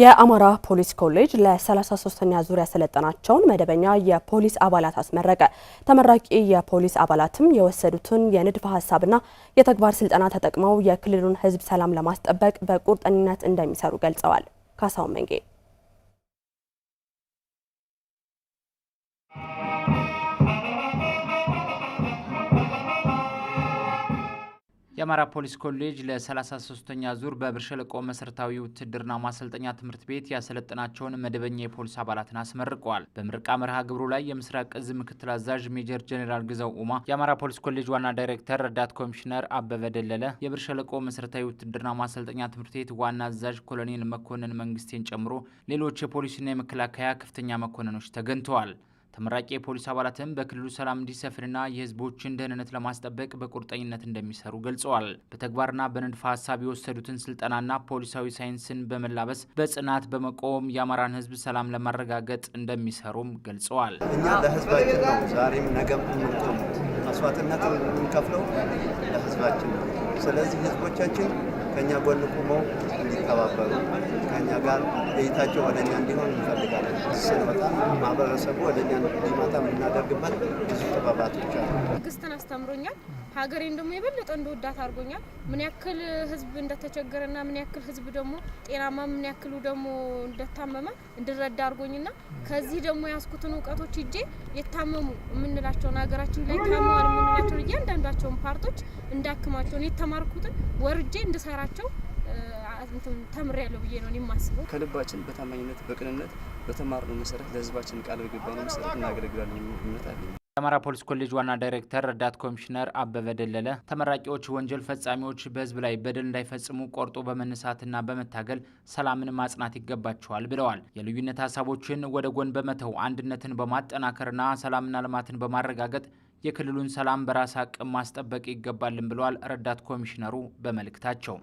የአማራ ፖሊስ ኮሌጅ ለ33ኛ ዙር ያሰለጠናቸውን መደበኛ የፖሊስ አባላት አስመረቀ። ተመራቂ የፖሊስ አባላትም የወሰዱትን የንድፈ ና የተግባር ስልጠና ተጠቅመው የክልሉን ሕዝብ ሰላም ለማስጠበቅ በቁርጠኝነት እንደሚሰሩ ገልጸዋል። ካሳሁን መንጌ የአማራ ፖሊስ ኮሌጅ ለ33ኛ ዙር በብር ሸለቆ መሰረታዊ ውትድርና ማሰልጠኛ ትምህርት ቤት ያሰለጠናቸውን መደበኛ የፖሊስ አባላትን አስመርቀዋል። በምርቃ መርሃ ግብሩ ላይ የምስራቅ እዝ ምክትል አዛዥ ሜጀር ጀኔራል ግዛው ኡማ፣ የአማራ ፖሊስ ኮሌጅ ዋና ዳይሬክተር ረዳት ኮሚሽነር አበበ ደለለ፣ የብር ሸለቆ መሰረታዊ ውትድርና ማሰልጠኛ ትምህርት ቤት ዋና አዛዥ ኮሎኔል መኮንን መንግስቴን ጨምሮ ሌሎች የፖሊስና የመከላከያ ከፍተኛ መኮንኖች ተገኝተዋል። ተመራቂ የፖሊስ አባላትም በክልሉ ሰላም እንዲሰፍንና የህዝቦችን ደህንነት ለማስጠበቅ በቁርጠኝነት እንደሚሰሩ ገልጸዋል። በተግባርና በንድፈ ሀሳብ የወሰዱትን ስልጠናና ፖሊሳዊ ሳይንስን በመላበስ በጽናት በመቆም የአማራን ህዝብ ሰላም ለማረጋገጥ እንደሚሰሩም ገልጸዋል። እኛ ለህዝባችን ነው ዛሬም ነገም የምንቆሙት፣ መስዋዕትነት የምንከፍለው ለህዝባችን ነው። ስለዚህ ህዝቦቻችን ከእኛ ጎን ቁመው እንዲተባበሩ ከኛ ጋር እይታቸው ወደ እኛ እንዲሆን እንፈልጋለን። በጣም ማህበረሰቡ ወደ እኛ እንዲመጣ የምናደርግበት ብዙ ጥበባቶች አሉ። ትዕግስትን አስተምሮኛል። ሀገሬን ደግሞ የበለጠ እንደወዳት አድርጎኛል። ምን ያክል ህዝብ እንደተቸገረና ምን ያክል ህዝብ ደግሞ ጤናማ ምን ያክሉ ደግሞ እንደታመመ እንድረዳ አድርጎኝና ከዚህ ደግሞ ያስኩትን እውቀቶች እጄ የታመሙ የምንላቸውን ሀገራችን ላይ ታመዋል የምንላቸውን እያንዳንዳቸውን ፓርቶች እንዳክማቸውን የተማርኩትን ወርጄ እንድሰራቸው ተምሬያለሁ ብዬ ነው የማስበው። ከልባችን በታማኝነት በቅንነት በተማርነው መሰረት ለህዝባችን ቃል በገባነው መሰረት እናገለግላለን የሚል እምነት አለኝ። የአማራ ፖሊስ ኮሌጅ ዋና ዳይሬክተር ረዳት ኮሚሽነር አበበ ደለለ ተመራቂዎች ወንጀል ፈጻሚዎች በህዝብ ላይ በደል እንዳይፈጽሙ ቆርጦ በመነሳትና በመታገል ሰላምን ማጽናት ይገባቸዋል ብለዋል። የልዩነት ሀሳቦችን ወደ ጎን በመተው አንድነትን በማጠናከርና ሰላምና ልማትን በማረጋገጥ የክልሉን ሰላም በራስ አቅም ማስጠበቅ ይገባልን ብለዋል ረዳት ኮሚሽነሩ በመልእክታቸው።